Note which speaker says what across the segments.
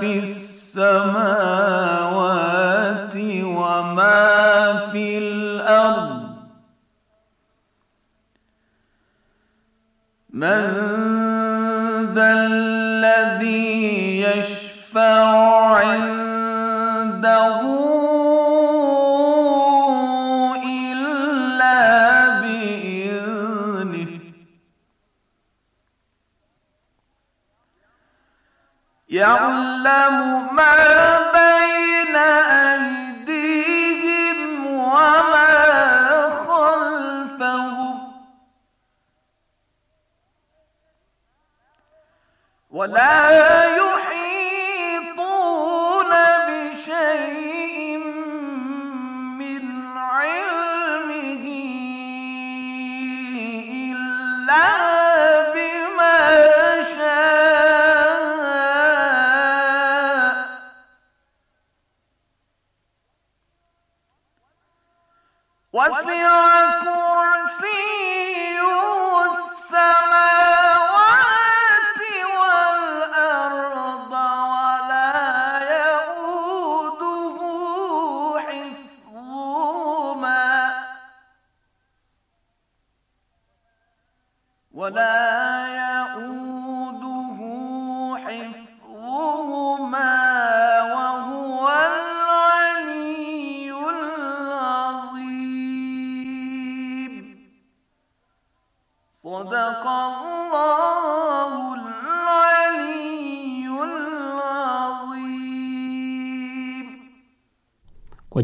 Speaker 1: في السماء ولا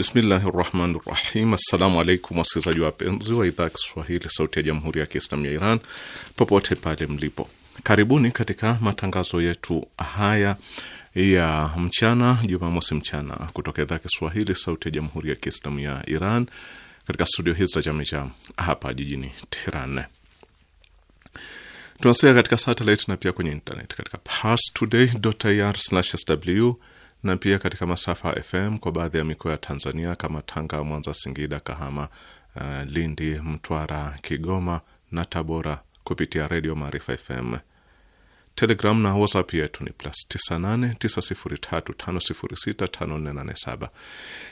Speaker 2: Bismillahi rahmani rahim. Assalamu alaikum wasikilizaji wapenzi wa idhaa ya Kiswahili sauti ya jamhuri ya Kiislamu ya Iran popote pale mlipo, karibuni katika matangazo yetu haya ya mchana, Jumamosi mchana kutoka idhaa ya Kiswahili sauti ya jamhuri ya Kiislamu ya Iran katika studio hizi za Jamejam hapa jijini Tehran. Tunasikia katika satelit na pia kwenye internet katika parstoday.ir/sw na pia katika masafa FM kwa baadhi ya mikoa ya Tanzania kama Tanga, Mwanza, Singida, Kahama, uh, Lindi, Mtwara, Kigoma na Tabora kupitia Redio Maarifa FM. Telegram na WhatsApp yetu ni plus 989035065487.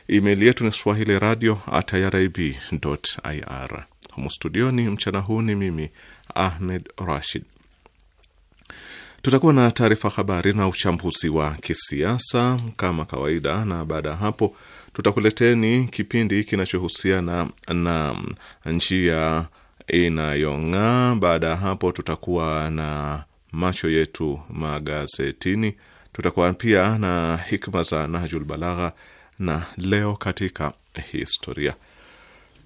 Speaker 2: Email yetu ni swahili radio at irib ir. Humu studioni mchana huu ni mimi Ahmed Rashid. Tutakuwa na taarifa habari na uchambuzi wa kisiasa kama kawaida, na baada ya hapo tutakuleteni kipindi kinachohusiana na, njia inayong'aa. Baada ya hapo tutakuwa na macho yetu magazetini, tutakuwa pia na hikma za Nahjul Balagha na leo katika historia.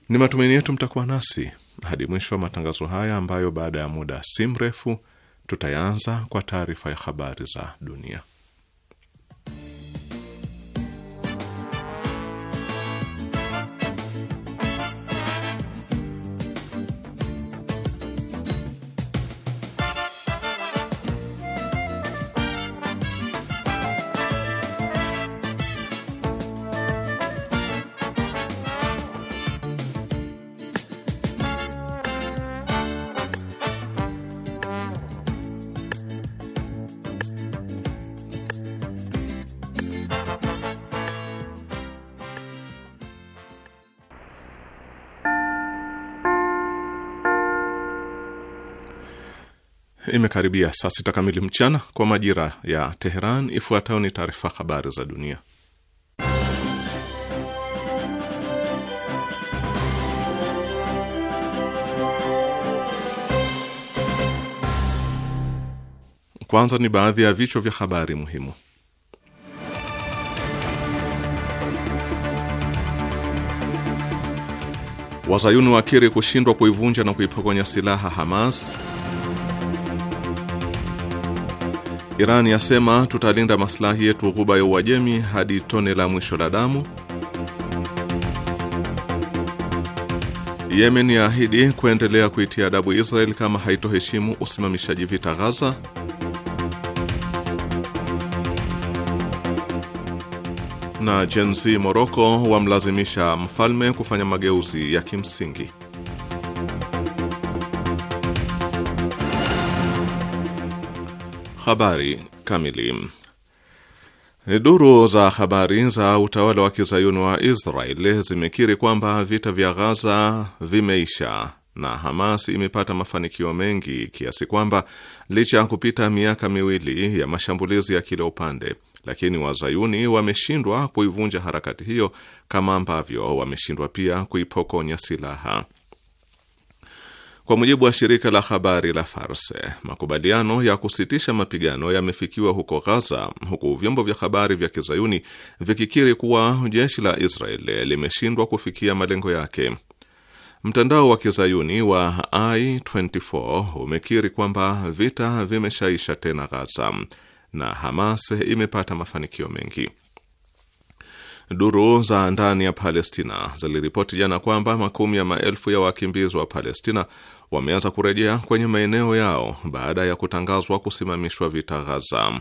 Speaker 2: Ni matumaini yetu mtakuwa nasi hadi mwisho wa matangazo haya ambayo baada ya muda si mrefu Tutaanza kwa taarifa ya habari za dunia. imekaribia saa sita kamili mchana kwa majira ya Teheran. Ifuatayo ni taarifa habari za dunia. Kwanza ni baadhi ya vichwa vya habari muhimu. Wazayuni wakiri kushindwa kuivunja na kuipokonya silaha Hamas. Iran yasema tutalinda maslahi yetu ghuba ya Uajemi hadi tone la mwisho la damu. Yemen yaahidi kuendelea kuitia adabu Israel kama haitoheshimu usimamishaji vita Gaza. Na Gen Z Morocco wamlazimisha mfalme kufanya mageuzi ya kimsingi. Habari kamili. Duru za habari za utawala wa kizayuni wa Israel zimekiri kwamba vita vya Ghaza vimeisha na Hamas imepata mafanikio mengi kiasi kwamba licha ya kupita miaka miwili ya mashambulizi ya kila upande, lakini wazayuni wameshindwa kuivunja harakati hiyo kama ambavyo wameshindwa pia kuipokonya silaha. Kwa mujibu wa shirika la habari la farse makubaliano ya kusitisha mapigano yamefikiwa huko Ghaza, huku vyombo vya habari vya kizayuni vikikiri kuwa jeshi la Israel limeshindwa kufikia malengo yake. Mtandao wa kizayuni wa i24 umekiri kwamba vita vimeshaisha tena Ghaza na Hamas imepata mafanikio mengi. Duru za ndani ya Palestina ziliripoti jana kwamba makumi ya maelfu ya wakimbizi wa Palestina wameanza kurejea kwenye maeneo yao baada ya kutangazwa kusimamishwa vita Ghaza.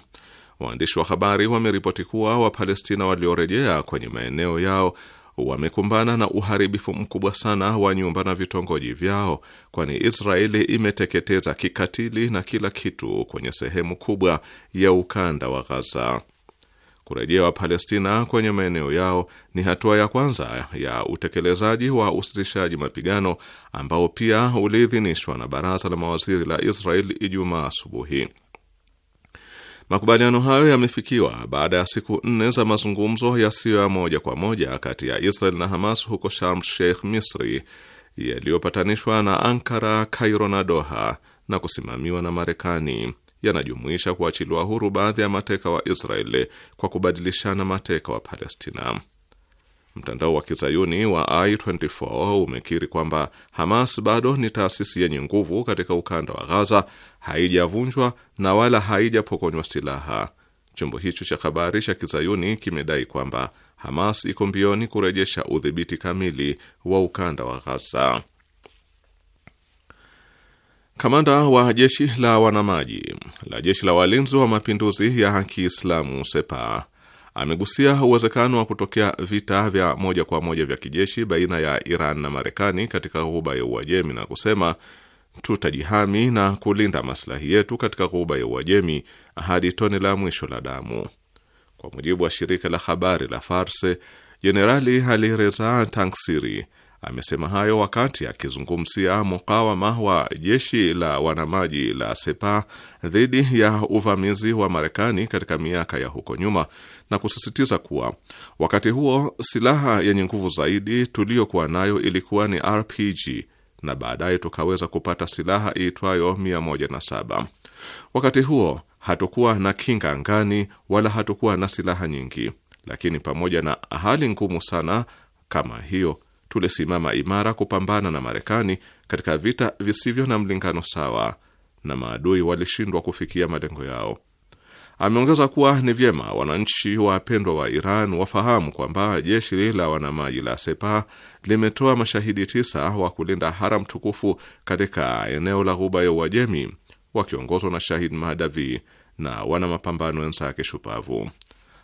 Speaker 2: Waandishi wa habari wameripoti kuwa Wapalestina waliorejea kwenye maeneo yao wamekumbana na uharibifu mkubwa sana wa nyumba na vitongoji vyao, kwani Israeli imeteketeza kikatili na kila kitu kwenye sehemu kubwa ya ukanda wa Ghaza. Kurejea wa Palestina kwenye maeneo yao ni hatua ya kwanza ya utekelezaji wa usitishaji mapigano ambao pia uliidhinishwa na baraza la mawaziri la Israel Ijumaa asubuhi. Makubaliano hayo yamefikiwa baada ya siku nne za mazungumzo yasiyo ya moja kwa moja kati ya Israel na Hamas huko Sharm Sheikh, Misri, yaliyopatanishwa na Ankara, cairo na Doha na kusimamiwa na Marekani yanajumuisha kuachiliwa huru baadhi ya mateka wa Israeli kwa kubadilishana mateka wa Palestina. Mtandao wa kizayuni wa i24 umekiri kwamba Hamas bado ni taasisi yenye nguvu katika ukanda wa Ghaza, haijavunjwa na wala haijapokonywa silaha. Chombo hicho cha habari cha kizayuni kimedai kwamba Hamas iko mbioni kurejesha udhibiti kamili wa ukanda wa Ghaza. Kamanda wa jeshi la wanamaji la jeshi la walinzi wa mapinduzi ya Kiislamu Sepa amegusia uwezekano wa kutokea vita vya moja kwa moja vya kijeshi baina ya Iran na Marekani katika ghuba ya Uajemi na kusema tutajihami na kulinda maslahi yetu katika ghuba ya Uajemi hadi tone la mwisho la damu. Kwa mujibu wa shirika la habari la Farse, Jenerali Ali Reza Tangsiri Amesema hayo wakati akizungumzia mukawama wa jeshi la wanamaji la Sepa dhidi ya uvamizi wa Marekani katika miaka ya huko nyuma na kusisitiza kuwa wakati huo silaha yenye nguvu zaidi tuliyokuwa nayo ilikuwa ni RPG na baadaye tukaweza kupata silaha iitwayo 107. Wakati huo hatukuwa na kinga ngani wala hatukuwa na silaha nyingi, lakini pamoja na hali ngumu sana kama hiyo tulisimama imara kupambana na Marekani katika vita visivyo na mlingano sawa, na maadui walishindwa kufikia malengo yao. Ameongeza kuwa ni vyema wananchi wapendwa wa Iran wafahamu kwamba jeshi la wanamaji la sepa limetoa mashahidi tisa wa kulinda haram tukufu katika eneo la Ghuba ya Uajemi wakiongozwa na Shahid Mahdavi na wana mapambano wenzake shupavu.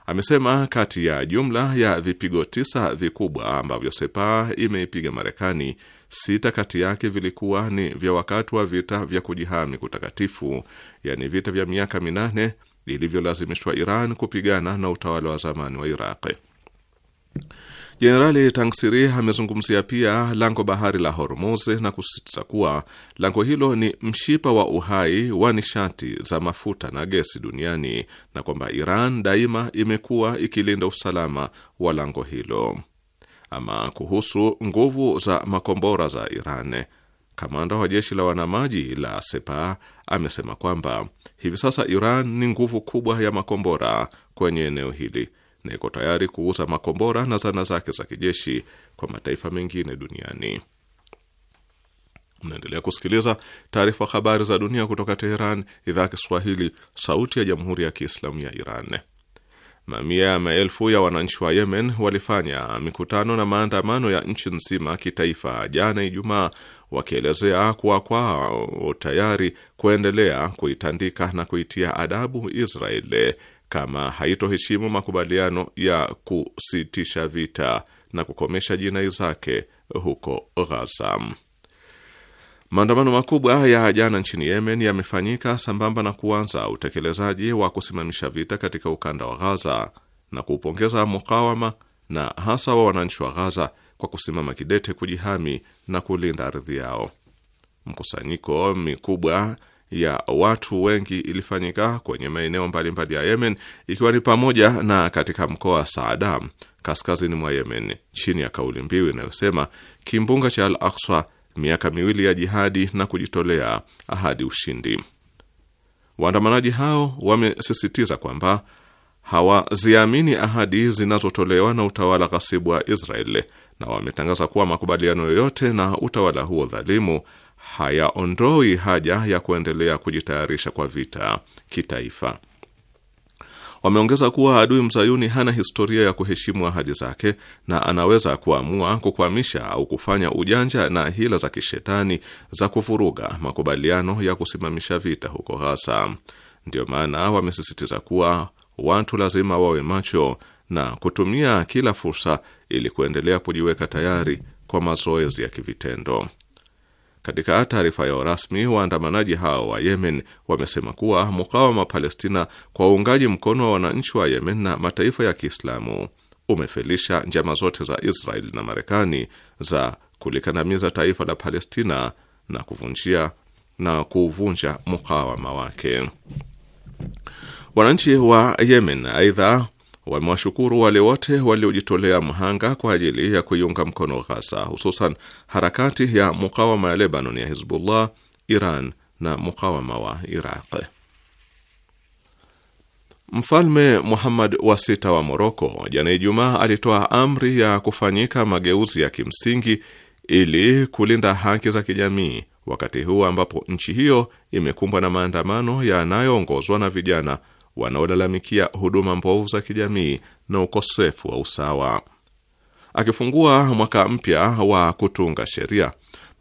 Speaker 2: Amesema kati ya jumla ya vipigo tisa vikubwa ambavyo Sepa imeipiga Marekani, sita kati yake vilikuwa ni vya wakati wa vita vya kujihami kutakatifu, yaani vita vya miaka minane vilivyolazimishwa Iran kupigana na utawala wa zamani wa Iraq. Jenerali Tangsiri amezungumzia pia lango bahari la Hormuz na kusisitiza kuwa lango hilo ni mshipa wa uhai wa nishati za mafuta na gesi duniani na kwamba Iran daima imekuwa ikilinda usalama wa lango hilo. Ama kuhusu nguvu za makombora za Iran, kamanda wa jeshi la wanamaji la sepa amesema kwamba hivi sasa Iran ni nguvu kubwa ya makombora kwenye eneo hili na iko tayari kuuza makombora na zana zake za kijeshi kwa mataifa mengine duniani. Mnaendelea kusikiliza taarifa habari za dunia kutoka Teheran, idhaa ya Kiswahili, sauti ya jamhuri ya kiislamu ya Iran. Mamia ya maelfu ya wananchi wa Yemen walifanya mikutano na maandamano ya nchi nzima kitaifa jana Ijumaa, wakielezea kuwa kwao tayari kuendelea kuitandika na kuitia adabu Israeli kama haitoheshimu makubaliano ya kusitisha vita na kukomesha jinai zake huko Ghaza. Maandamano makubwa ya jana nchini Yemen yamefanyika sambamba na kuanza utekelezaji wa kusimamisha vita katika ukanda wa Ghaza na kuupongeza mukawama na hasa wa wananchi wa Ghaza kwa kusimama kidete kujihami na kulinda ardhi yao. Mkusanyiko mikubwa ya watu wengi ilifanyika kwenye maeneo mbalimbali ya Yemen, ikiwa ni pamoja na katika mkoa wa Saada kaskazini mwa Yemen, chini ya kauli mbiu inayosema kimbunga cha Al Aqsa, miaka miwili ya jihadi na kujitolea ahadi ushindi. Waandamanaji hao wamesisitiza kwamba hawaziamini ahadi zinazotolewa na utawala ghasibu wa Israel na wametangaza kuwa makubaliano yoyote na utawala huo dhalimu hayaondoi haja ya kuendelea kujitayarisha kwa vita kitaifa. Wameongeza kuwa adui mzayuni hana historia ya kuheshimu ahadi zake na anaweza kuamua kukwamisha au kufanya ujanja na hila za kishetani za kuvuruga makubaliano ya kusimamisha vita huko Ghaza. Ndiyo maana wamesisitiza kuwa watu lazima wawe macho na kutumia kila fursa ili kuendelea kujiweka tayari kwa mazoezi ya kivitendo. Katika taarifa yao rasmi, waandamanaji hao wa Yemen wamesema kuwa mukawama Palestina kwa uungaji mkono wa wananchi wa Yemen na mataifa ya Kiislamu umefelisha njama zote za Israel na Marekani za kulikandamiza taifa la Palestina na kuvunjia na kuuvunja mukawama wake. Wananchi wa Yemen aidha wamewashukuru wale wote waliojitolea mhanga kwa ajili ya kuiunga mkono Ghaza, hususan harakati ya mukawama ya Lebanon ya Hizbullah, Iran na mukawama wa Iraq. Mfalme Muhammad wa sita wa Moroko jana Ijumaa alitoa amri ya kufanyika mageuzi ya kimsingi ili kulinda haki za kijamii, wakati huu ambapo nchi hiyo imekumbwa na maandamano yanayoongozwa na vijana wanaolalamikia huduma mbovu za kijamii na ukosefu wa usawa. Akifungua mwaka mpya wa kutunga sheria,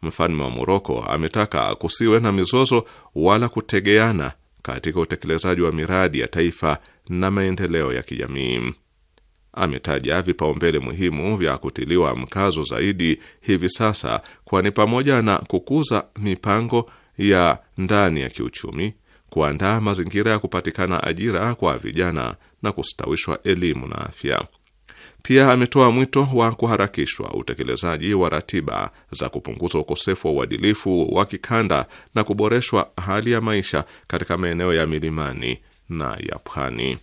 Speaker 2: mfalme wa Moroko ametaka kusiwe na mizozo wala kutegeana katika utekelezaji wa miradi ya taifa na maendeleo ya kijamii. Ametaja vipaumbele muhimu vya kutiliwa mkazo zaidi hivi sasa, kwani pamoja na kukuza mipango ya ndani ya kiuchumi kuandaa mazingira ya kupatikana ajira kwa vijana na kustawishwa elimu na afya. Pia ametoa mwito wa kuharakishwa utekelezaji wa ratiba za kupunguza ukosefu wa uadilifu wa kikanda na kuboreshwa hali ya maisha katika maeneo ya milimani na ya pwani.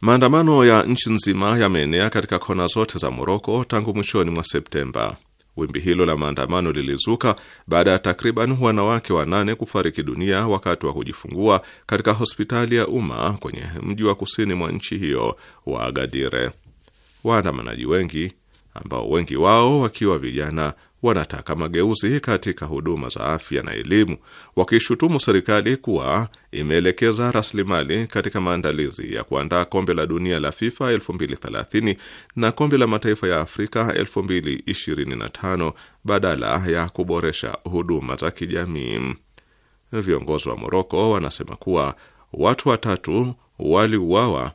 Speaker 2: Maandamano ya nchi nzima yameenea katika kona zote za Moroko tangu mwishoni mwa Septemba. Wimbi hilo la maandamano lilizuka baada ya takriban wanawake wanane kufariki dunia wakati wa kujifungua katika hospitali ya umma kwenye mji wa kusini mwa nchi hiyo wa Agadire. Waandamanaji wengi ambao wengi wao wakiwa vijana wanataka mageuzi katika huduma za afya na elimu, wakishutumu serikali kuwa imeelekeza rasilimali katika maandalizi ya kuandaa kombe la dunia la FIFA 2030 na kombe la mataifa ya Afrika 2025 badala ya kuboresha huduma za kijamii. Viongozi wa Moroko wanasema kuwa watu watatu waliuawa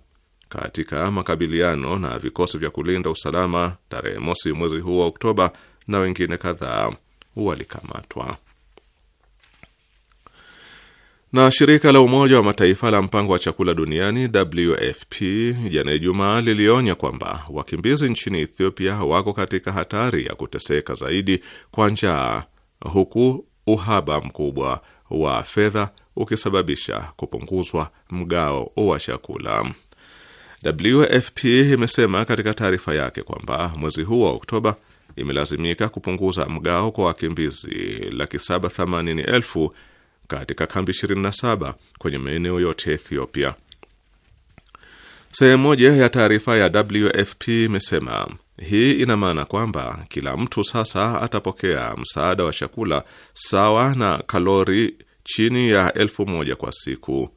Speaker 2: katika makabiliano na vikosi vya kulinda usalama tarehe mosi mwezi huu wa Oktoba na wengine kadhaa walikamatwa. Na shirika la Umoja wa Mataifa la mpango wa chakula duniani WFP jana Ijumaa lilionya kwamba wakimbizi nchini Ethiopia wako katika hatari ya kuteseka zaidi kwa njaa, huku uhaba mkubwa wa fedha ukisababisha kupunguzwa mgao wa chakula. WFP imesema katika taarifa yake kwamba mwezi huu wa Oktoba imelazimika kupunguza mgao kwa wakimbizi laki saba themanini elfu katika kambi 27 kwenye maeneo yote Ethiopia. Sehemu moja ya taarifa ya WFP imesema hii ina maana kwamba kila mtu sasa atapokea msaada wa chakula sawa na kalori chini ya elfu moja kwa siku.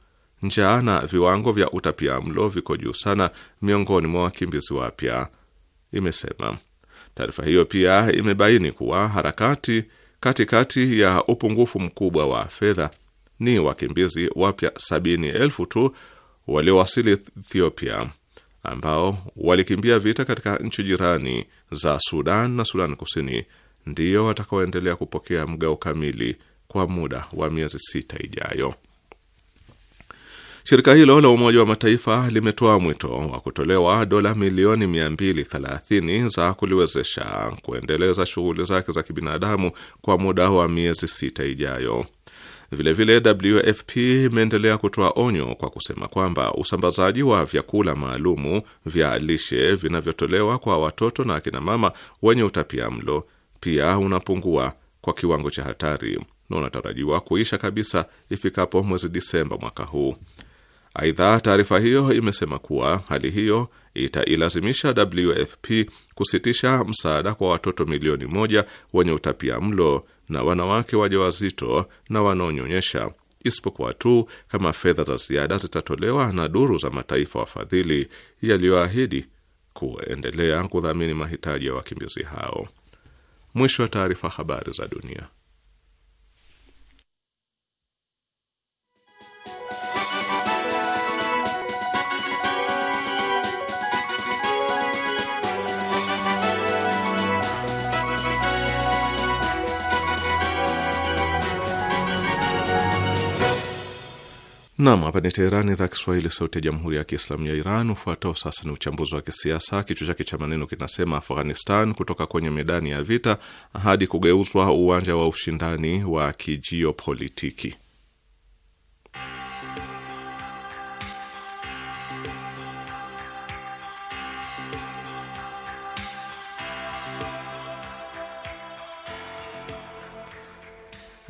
Speaker 2: Njaa na viwango vya utapia mlo viko juu sana miongoni mwa wakimbizi wapya, imesema. Taarifa hiyo pia imebaini kuwa harakati katikati ya upungufu mkubwa wa fedha ni wakimbizi wapya sabini elfu tu waliowasili Ethiopia ambao walikimbia vita katika nchi jirani za Sudan na Sudan Kusini ndiyo watakaoendelea kupokea mgao kamili kwa muda wa miezi sita ijayo. Shirika hilo la Umoja wa Mataifa limetoa mwito wa kutolewa dola milioni 230 za kuliwezesha kuendeleza shughuli zake za kibinadamu kwa muda wa miezi sita ijayo. Vilevile vile WFP imeendelea kutoa onyo kwa kusema kwamba usambazaji wa vyakula maalumu vya lishe vinavyotolewa kwa watoto na akinamama wenye utapia mlo pia unapungua kwa kiwango cha hatari na unatarajiwa kuisha kabisa ifikapo mwezi Disemba mwaka huu. Aidha, taarifa hiyo imesema kuwa hali hiyo itailazimisha WFP kusitisha msaada kwa watoto milioni moja wenye utapia mlo na wanawake wajawazito na wanaonyonyesha isipokuwa tu kama fedha za ziada zitatolewa na duru za mataifa wafadhili yaliyoahidi kuendelea kudhamini mahitaji ya wakimbizi hao. Mwisho wa taarifa. Habari za dunia. Nam, hapa ni Teherani, idhaa Kiswahili, sauti ya jamhuri ya kiislamu ya Iran. Ufuatao sasa ni uchambuzi wa kisiasa, kichwa chake cha maneno kinasema: Afghanistan kutoka kwenye medani ya vita hadi kugeuzwa uwanja wa ushindani wa kijiopolitiki.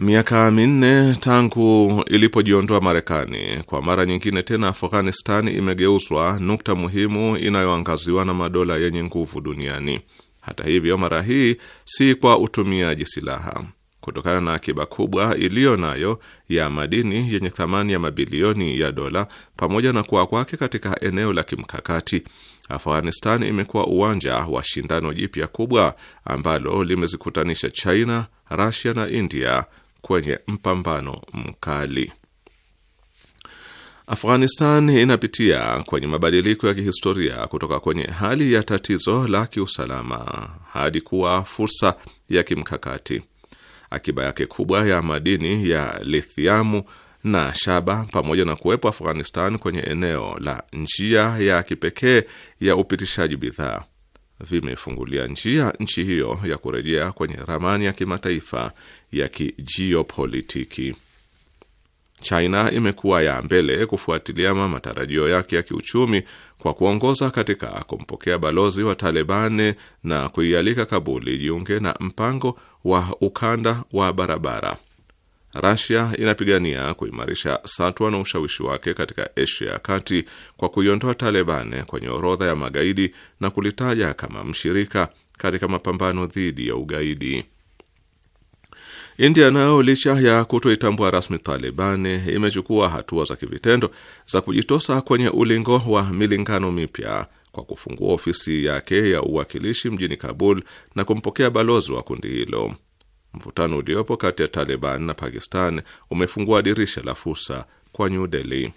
Speaker 2: Miaka minne tangu ilipojiondoa Marekani, kwa mara nyingine tena Afghanistan imegeuzwa nukta muhimu inayoangaziwa na madola yenye nguvu duniani. Hata hivyo, mara hii si kwa utumiaji silaha. Kutokana na akiba kubwa iliyo nayo ya madini yenye thamani ya mabilioni ya dola, pamoja na kuwa kwake katika eneo la kimkakati, Afghanistan imekuwa uwanja wa shindano jipya kubwa ambalo limezikutanisha China, rasia na India kwenye mpambano mkali. Afghanistan inapitia kwenye mabadiliko ya kihistoria kutoka kwenye hali ya tatizo la kiusalama hadi kuwa fursa ya kimkakati. Akiba yake kubwa ya madini ya lithiamu na shaba pamoja na kuwepo Afghanistan kwenye eneo la njia ya kipekee ya upitishaji bidhaa vimefungulia njia nchi hiyo ya kurejea kwenye ramani ya kimataifa ya kijiopolitiki. China imekuwa ya mbele kufuatilia matarajio yake ya kiuchumi kwa kuongoza katika kumpokea balozi wa Taliban na kuialika Kabuli jiunge na mpango wa ukanda wa barabara. Rasia inapigania kuimarisha satwa na ushawishi wake katika Asia ya Kati kwa kuiondoa Taliban kwenye orodha ya magaidi na kulitaja kama mshirika katika mapambano dhidi ya ugaidi. India nao licha ya kutoitambua rasmi Taliban imechukua hatua za kivitendo za kujitosa kwenye ulingo wa milingano mipya kwa kufungua ofisi yake ya uwakilishi mjini Kabul na kumpokea balozi wa kundi hilo. Mvutano uliopo kati ya Taliban na Pakistan umefungua dirisha la fursa kwa New Delhi.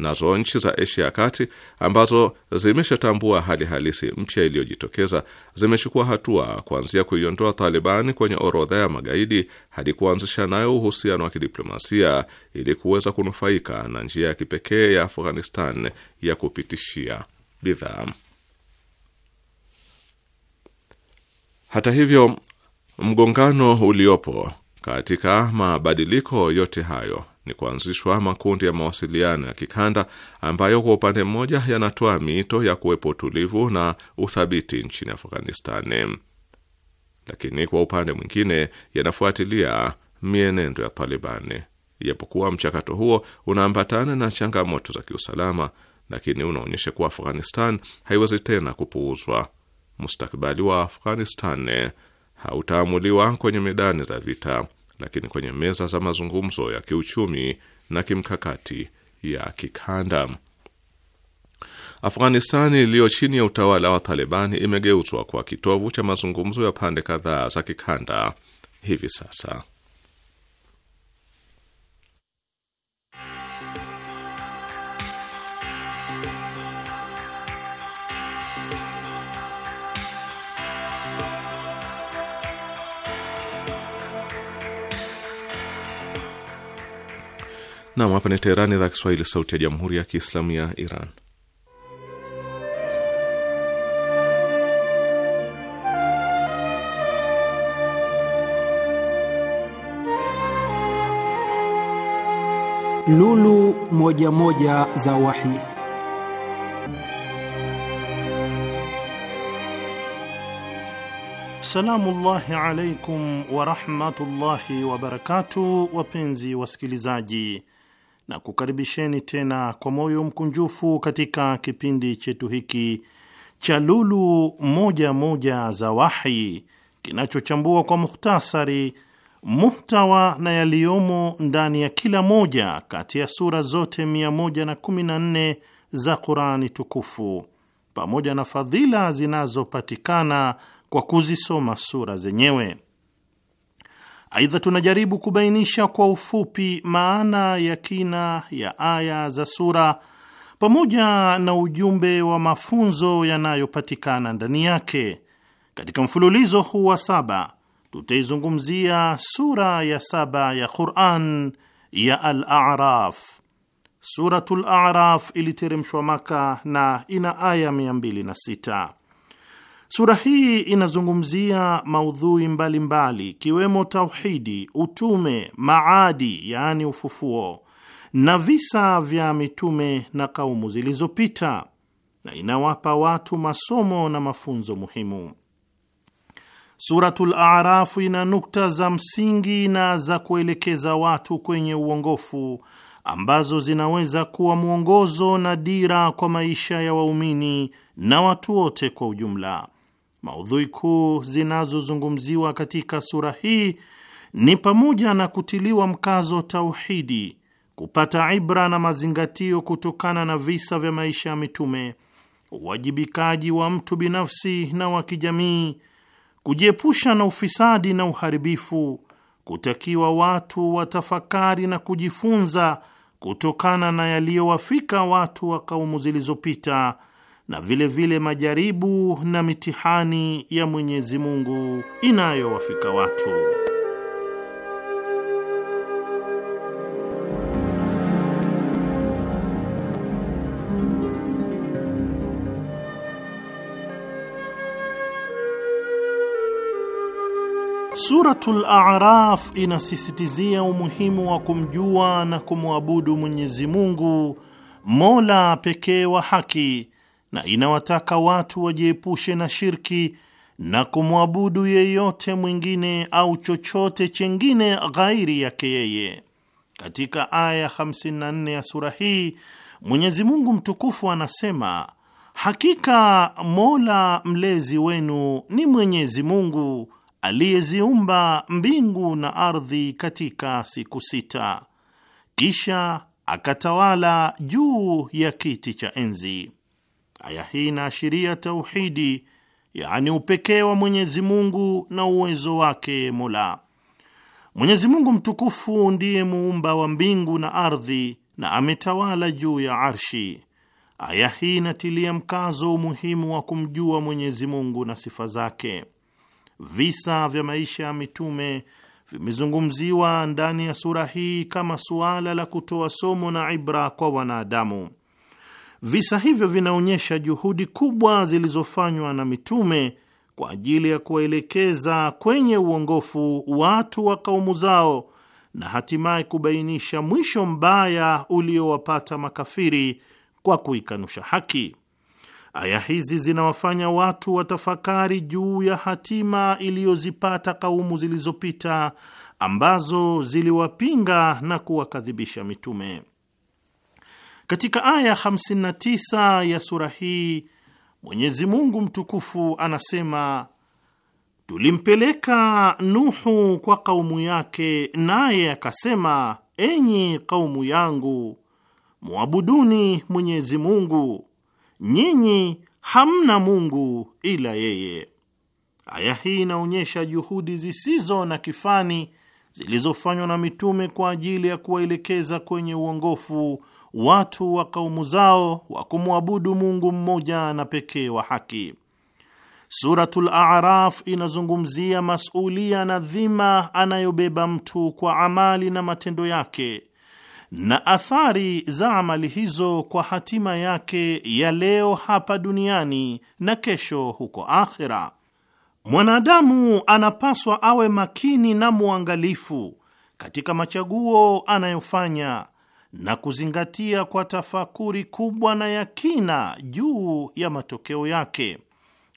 Speaker 2: Nazo nchi za Asia ya kati ambazo zimeshatambua hali halisi mpya iliyojitokeza zimechukua hatua kuanzia kuiondoa Taliban kwenye orodha ya magaidi hadi kuanzisha nayo uhusiano wa kidiplomasia ili kuweza kunufaika na njia ya kipekee ya Afghanistan ya kupitishia bidhaa. Hata hivyo, mgongano uliopo katika mabadiliko yote hayo ni kuanzishwa makundi ya mawasiliano ya kikanda ambayo kwa upande mmoja yanatoa miito ya kuwepo utulivu na uthabiti nchini Afghanistan, lakini kwa upande mwingine yanafuatilia mienendo ya Taliban. Ijapokuwa mchakato huo unaambatana na changamoto za kiusalama, lakini unaonyesha kuwa Afghanistan haiwezi tena kupuuzwa. Mustakbali wa Afghanistan hautaamuliwa kwenye medani za vita lakini kwenye meza za mazungumzo ya kiuchumi na kimkakati ya kikanda. Afghanistani iliyo chini ya utawala wa Taliban imegeuzwa kwa kitovu cha mazungumzo ya pande kadhaa za kikanda hivi sasa. Nam, hapa ni Teherani, idhaa Kiswahili, sauti ya jamhuri ya kiislamu ya Iran.
Speaker 3: Lulu moja moja za Wahi. Salamu
Speaker 4: Salamullahi alaikum warahmatullahi wabarakatuh, wapenzi wasikilizaji na kukaribisheni tena kwa moyo mkunjufu katika kipindi chetu hiki cha Lulu Moja Moja za Wahi kinachochambua kwa muhtasari muhtawa na yaliyomo ndani ya kila moja kati ya sura zote 114 za Qurani tukufu pamoja na fadhila zinazopatikana kwa kuzisoma sura zenyewe. Aidha, tunajaribu kubainisha kwa ufupi maana ya kina ya aya za sura pamoja na ujumbe wa mafunzo yanayopatikana ndani yake. Katika mfululizo huu wa saba tutaizungumzia sura ya saba ya Quran ya Al-A'raf. Suratul A'raf iliteremshwa Maka na ina aya 206. Sura hii inazungumzia maudhui mbalimbali ikiwemo mbali, tauhidi, utume, maadi yaani ufufuo na visa vya mitume na kaumu zilizopita na inawapa watu masomo na mafunzo muhimu. Suratul Arafu ina nukta za msingi na za kuelekeza watu kwenye uongofu ambazo zinaweza kuwa mwongozo na dira kwa maisha ya waumini na watu wote kwa ujumla. Maudhui kuu zinazozungumziwa katika sura hii ni pamoja na kutiliwa mkazo tauhidi, kupata ibra na mazingatio kutokana na visa vya maisha ya mitume, uwajibikaji wa mtu binafsi na wa kijamii, kujiepusha na ufisadi na uharibifu, kutakiwa watu watafakari na kujifunza kutokana na yaliyowafika watu wa kaumu zilizopita na vilevile vile majaribu na mitihani ya Mwenyezi Mungu inayowafika watu. Suratul A'raf inasisitizia umuhimu wa kumjua na kumwabudu Mwenyezi Mungu, Mola pekee wa haki na inawataka watu wajiepushe na shirki na kumwabudu yeyote mwingine au chochote chengine ghairi yake yeye. Katika aya 54 ya sura hii Mwenyezi Mungu mtukufu anasema, hakika Mola mlezi wenu ni Mwenyezi Mungu aliyeziumba mbingu na ardhi katika siku sita, kisha akatawala juu ya kiti cha enzi. Aya hii inaashiria tauhidi, yaani upekee wa Mwenyezi Mungu na uwezo wake Mola. Mwenyezi Mungu mtukufu ndiye muumba wa mbingu na ardhi na ametawala juu ya arshi. Aya hii inatilia mkazo umuhimu wa kumjua Mwenyezi Mungu na sifa zake. Visa vya maisha ya mitume vimezungumziwa ndani ya sura hii kama suala la kutoa somo na ibra kwa wanadamu. Visa hivyo vinaonyesha juhudi kubwa zilizofanywa na mitume kwa ajili ya kuwaelekeza kwenye uongofu watu wa kaumu zao na hatimaye kubainisha mwisho mbaya uliowapata makafiri kwa kuikanusha haki. Aya hizi zinawafanya watu watafakari juu ya hatima iliyozipata kaumu zilizopita ambazo ziliwapinga na kuwakadhibisha mitume. Katika aya 59 ya sura hii Mwenyezi Mungu mtukufu anasema, tulimpeleka Nuhu kwa kaumu yake, naye akasema, enyi kaumu yangu mwabuduni Mwenyezi Mungu, nyinyi hamna Mungu ila yeye. Aya hii inaonyesha juhudi zisizo na kifani zilizofanywa na mitume kwa ajili ya kuwaelekeza kwenye uongofu watu wa kaumu zao wa kumwabudu Mungu mmoja na pekee wa haki. Suratul Araf inazungumzia masulia na dhima anayobeba mtu kwa amali na matendo yake na athari za amali hizo kwa hatima yake ya leo hapa duniani na kesho huko akhera. Mwanadamu anapaswa awe makini na mwangalifu katika machaguo anayofanya na kuzingatia kwa tafakuri kubwa na ya kina juu ya matokeo yake.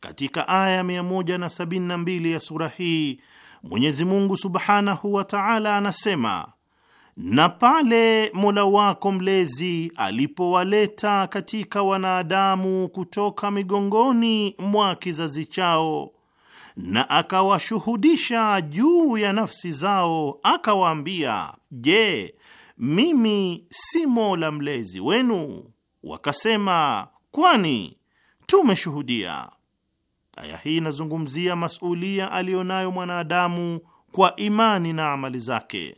Speaker 4: Katika aya 172 ya sura hii Mwenyezi Mungu subhanahu wa taala anasema, na pale Mola wako mlezi alipowaleta katika wanadamu kutoka migongoni mwa kizazi chao na akawashuhudisha juu ya nafsi zao, akawaambia: Je, mimi si Mola mlezi wenu? Wakasema, kwani tumeshuhudia. Aya hii inazungumzia masulia aliyonayo mwanadamu kwa imani na amali zake.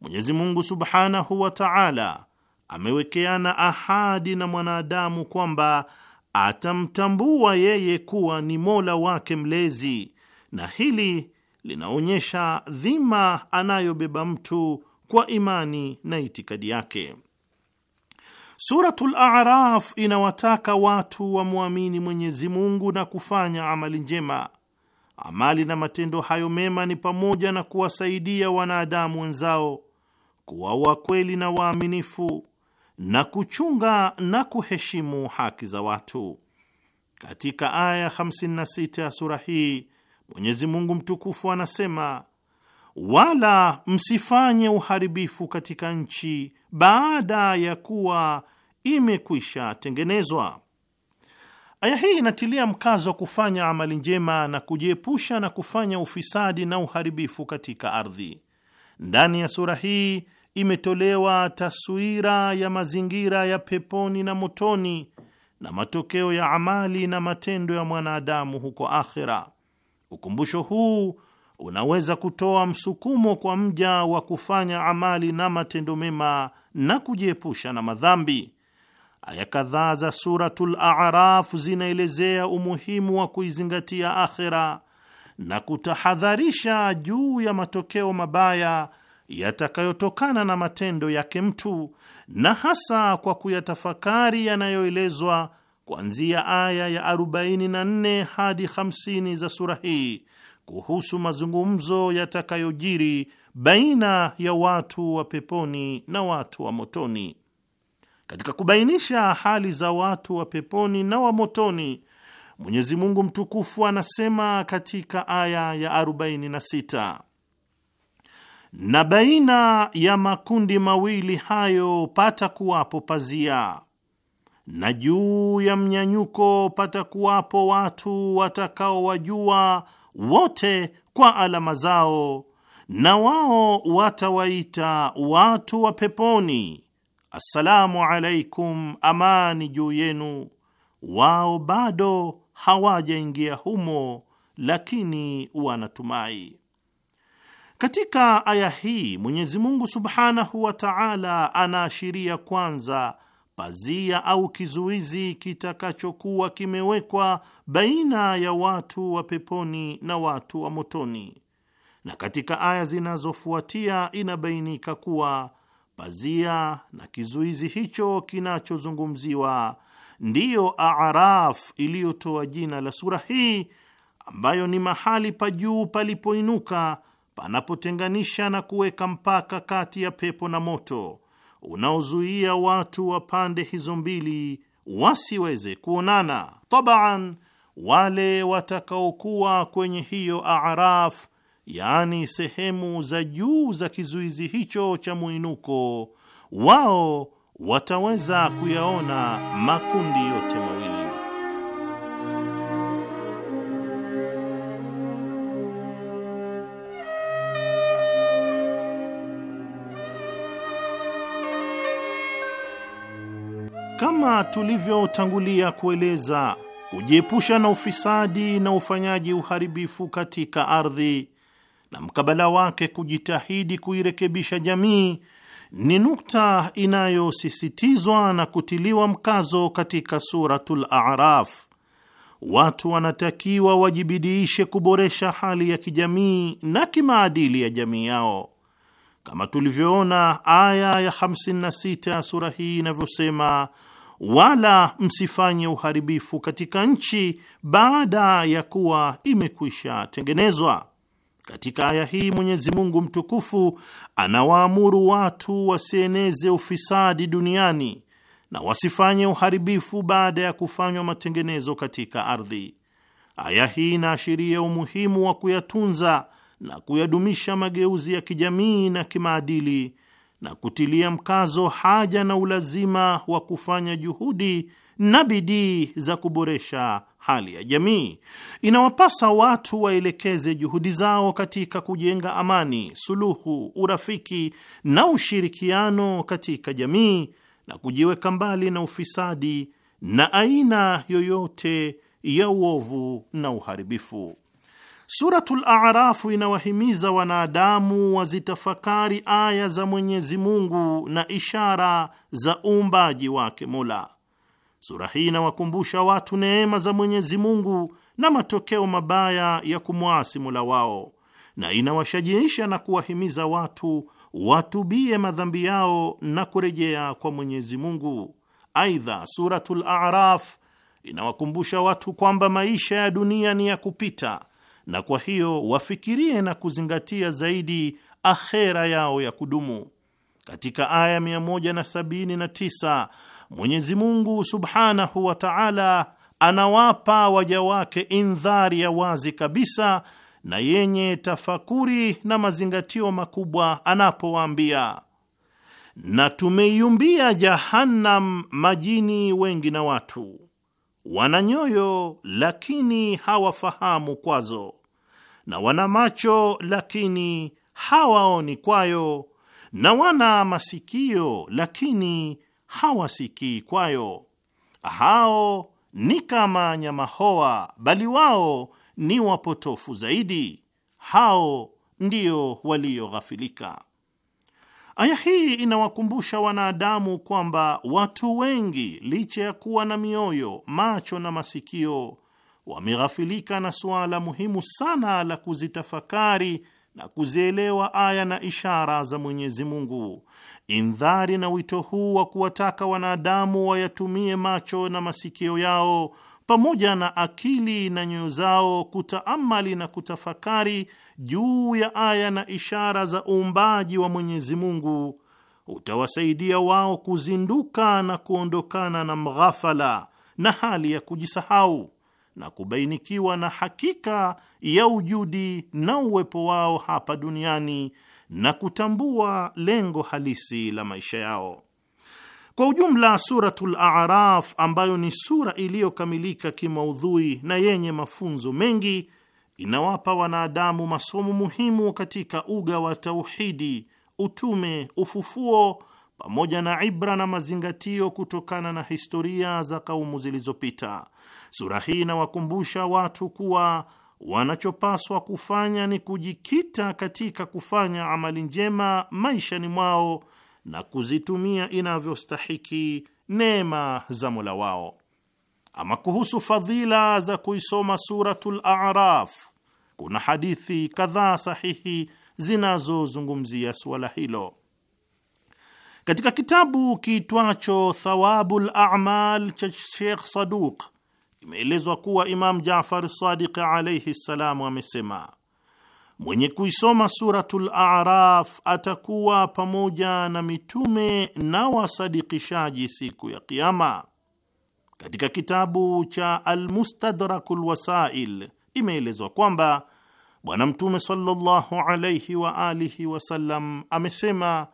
Speaker 4: Mwenyezi Mungu subhanahu wa taala amewekeana ahadi na mwanadamu kwamba atamtambua yeye kuwa ni Mola wake mlezi, na hili linaonyesha dhima anayobeba mtu kwa imani na itikadi yake. Suratul Araf inawataka watu wamwamini Mwenyezi Mungu na kufanya amali njema. Amali na matendo hayo mema ni pamoja na kuwasaidia wanadamu wenzao, kuwa wakweli na waaminifu, na kuchunga na kuheshimu haki za watu. Katika aya 56 ya sura hii Mwenyezi Mungu mtukufu anasema: wala msifanye uharibifu katika nchi baada ya kuwa imekwisha tengenezwa. Aya hii inatilia mkazo kufanya amali njema na kujiepusha na kufanya ufisadi na uharibifu katika ardhi. Ndani ya sura hii imetolewa taswira ya mazingira ya peponi na motoni na matokeo ya amali na matendo ya mwanadamu huko akhera. Ukumbusho huu unaweza kutoa msukumo kwa mja wa kufanya amali na matendo mema na kujiepusha na madhambi. Aya kadhaa za Suratul Araf zinaelezea umuhimu wa kuizingatia akhira na kutahadharisha juu ya matokeo mabaya yatakayotokana na matendo yake mtu, na hasa kwa kuyatafakari yanayoelezwa kuanzia aya ya 44 hadi 50 za sura hii kuhusu mazungumzo yatakayojiri baina ya watu wa peponi na watu wa motoni. Katika kubainisha hali za watu wa peponi na wa motoni, Mwenyezi Mungu mtukufu anasema katika aya ya 46 na baina ya makundi mawili hayo pata kuwapo pazia, na juu ya mnyanyuko pata kuwapo watu watakaowajua wote kwa alama zao, na wao watawaita watu wa peponi, assalamu alaikum, amani juu yenu. Wao bado hawajaingia humo, lakini wanatumai. Katika aya hii Mwenyezi Mungu subhanahu wa taala anaashiria kwanza pazia au kizuizi kitakachokuwa kimewekwa baina ya watu wa peponi na watu wa motoni. Na katika aya zinazofuatia inabainika kuwa pazia na kizuizi hicho kinachozungumziwa ndiyo araf iliyotoa jina la sura hii ambayo ni mahali pa juu palipoinuka panapotenganisha na kuweka mpaka kati ya pepo na moto unaozuia watu wa pande hizo mbili wasiweze kuonana. Tabaan, wale watakaokuwa kwenye hiyo araf, yaani sehemu za juu za kizuizi hicho cha mwinuko, wao wataweza kuyaona makundi yote. Kama tulivyotangulia kueleza, kujiepusha na ufisadi na ufanyaji uharibifu katika ardhi na mkabala wake kujitahidi kuirekebisha jamii ni nukta inayosisitizwa na kutiliwa mkazo katika Suratul Araf. Watu wanatakiwa wajibidiishe kuboresha hali ya kijamii na kimaadili ya jamii yao, kama tulivyoona aya ya 56 ya sura hii inavyosema: wala msifanye uharibifu katika nchi baada ya kuwa imekwisha tengenezwa. Katika aya hii Mwenyezi Mungu mtukufu anawaamuru watu wasieneze ufisadi duniani na wasifanye uharibifu baada ya kufanywa matengenezo katika ardhi. Aya hii inaashiria umuhimu wa kuyatunza na kuyadumisha mageuzi ya kijamii na kimaadili na kutilia mkazo haja na ulazima wa kufanya juhudi na bidii za kuboresha hali ya jamii. Inawapasa watu waelekeze juhudi zao katika kujenga amani, suluhu, urafiki na ushirikiano katika jamii na kujiweka mbali na ufisadi na aina yoyote ya uovu na uharibifu. Suratul Aarafu inawahimiza wanadamu wazitafakari aya za Mwenyezi Mungu na ishara za uumbaji wake Mola. Sura hii inawakumbusha watu neema za Mwenyezi Mungu na matokeo mabaya ya kumwasi Mola wao, na inawashajiisha na kuwahimiza watu watubie madhambi yao na kurejea kwa Mwenyezi Mungu. Aidha, Suratul Aaraf inawakumbusha watu kwamba maisha ya dunia ni ya kupita na kwa hiyo wafikirie na kuzingatia zaidi akhera yao ya kudumu. Katika aya 179 Mwenyezi Mungu subhanahu wa taala anawapa waja wake indhari ya wazi kabisa na yenye tafakuri na mazingatio makubwa anapowaambia, na tumeiumbia Jahannam majini wengi na watu wana nyoyo lakini hawafahamu kwazo, na wana macho lakini hawaoni kwayo, na wana masikio lakini hawasikii kwayo. Hao ni kama nyama hoa, bali wao ni wapotofu zaidi. Hao ndio walioghafilika. Aya hii inawakumbusha wanadamu kwamba watu wengi, licha ya kuwa na mioyo, macho na masikio, wameghafilika na suala muhimu sana la kuzitafakari na kuzielewa aya na ishara za Mwenyezi Mungu. Indhari na wito huu wa kuwataka wanadamu wayatumie macho na masikio yao pamoja na akili na nyoyo zao kutaamali na kutafakari juu ya aya na ishara za uumbaji wa Mwenyezi Mungu utawasaidia wao kuzinduka na kuondokana na mghafala na hali ya kujisahau na kubainikiwa na hakika ya ujudi na uwepo wao hapa duniani na kutambua lengo halisi la maisha yao. Kwa ujumla, Suratul Araf ambayo ni sura iliyokamilika kimaudhui na yenye mafunzo mengi inawapa wanadamu masomo muhimu katika uga wa tauhidi, utume, ufufuo pamoja na ibra na mazingatio kutokana na historia za kaumu zilizopita. Sura hii inawakumbusha watu kuwa wanachopaswa kufanya ni kujikita katika kufanya amali njema maishani mwao na kuzitumia inavyostahiki neema za Mola wao. Ama kuhusu fadhila za kuisoma Suratul Araf kuna hadithi kadhaa sahihi zinazozungumzia suala hilo. Katika kitabu kiitwacho thawabu lamal cha shekh Saduq imeelezwa kuwa Imam Jafar Sadiq alayhi ssalam amesema mwenye kuisoma Suratu laraf atakuwa pamoja na mitume na wasadikishaji siku ya Kiama. Katika kitabu cha almustadraku lwasail imeelezwa kwamba Bwana Mtume sallallahu alaihi wa alihi wasallam amesema,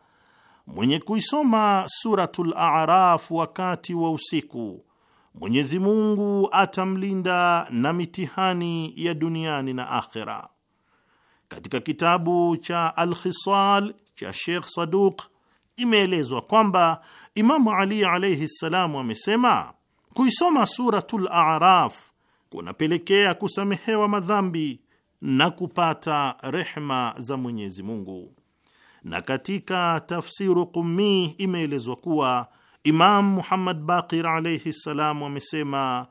Speaker 4: mwenye kuisoma Suratul Araf wakati wa usiku Mwenyezi Mungu atamlinda na mitihani ya duniani na akhera. Katika kitabu cha Al-Khisal cha Sheikh Saduq imeelezwa kwamba Imamu Ali alayhi ssalamu amesema kuisoma Suratul Araf kunapelekea kusamehewa madhambi na kupata rehma za Mwenyezi Mungu. Na katika Tafsiru Qummi imeelezwa kuwa Imam Muhammad Baqir alaihi ssalam amesema,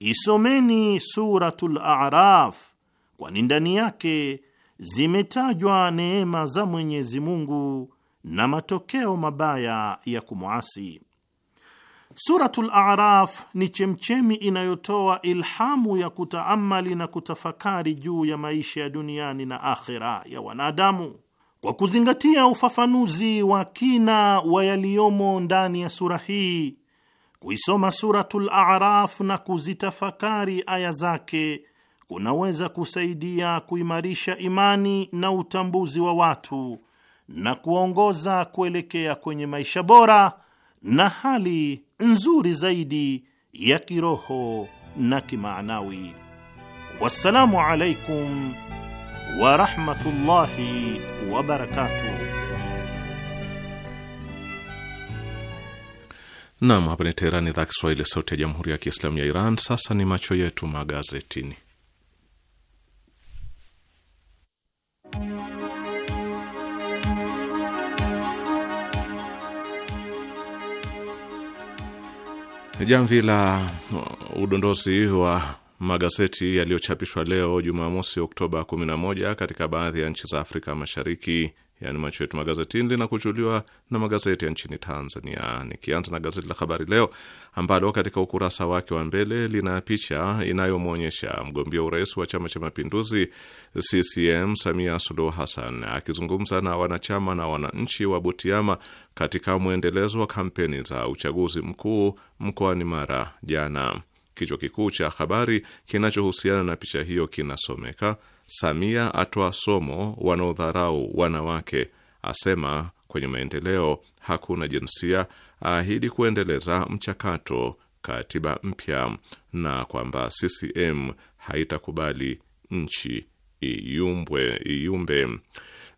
Speaker 4: isomeni Suratul Araf, kwani ndani yake zimetajwa neema za Mwenyezi Mungu na matokeo mabaya ya kumwasi. Suratul Araf ni chemchemi inayotoa ilhamu ya kutaamali na kutafakari juu ya maisha ya duniani na akhera ya wanadamu kwa kuzingatia ufafanuzi wa kina wa yaliyomo ndani ya sura hii. Kuisoma Suratul Araf na kuzitafakari aya zake kunaweza kusaidia kuimarisha imani na utambuzi wa watu na kuwaongoza kuelekea kwenye maisha bora na hali nzuri zaidi ya kiroho na kimaanawi. Wassalamu alaikum warahmatullahi wabarakatuh.
Speaker 2: Nam, hapa ni Teherani, idhaa Kiswahili, sauti ya jamhuri ya kiislamu ya Iran. Sasa ni macho yetu magazetini. Jamvi la udondozi wa magazeti yaliyochapishwa leo Jumamosi, Oktoba 11 katika baadhi ya nchi za Afrika Mashariki yaani macho yetu magazetini, linakuchuliwa na magazeti ya nchini Tanzania, nikianza na gazeti la Habari Leo ambalo katika ukurasa wake wa mbele lina picha inayomwonyesha mgombea urais wa Chama cha Mapinduzi CCM Samia Suluhu Hassan akizungumza na wanachama na wananchi wa Butiama katika mwendelezo wa kampeni za uchaguzi mkuu mkoani Mara jana. Kichwa kikuu cha habari kinachohusiana na picha hiyo kinasomeka Samia atoa somo wanaodharau wanawake, asema kwenye maendeleo hakuna jinsia, aahidi kuendeleza mchakato katiba mpya na kwamba CCM haitakubali nchi iyumbwe iyumbe.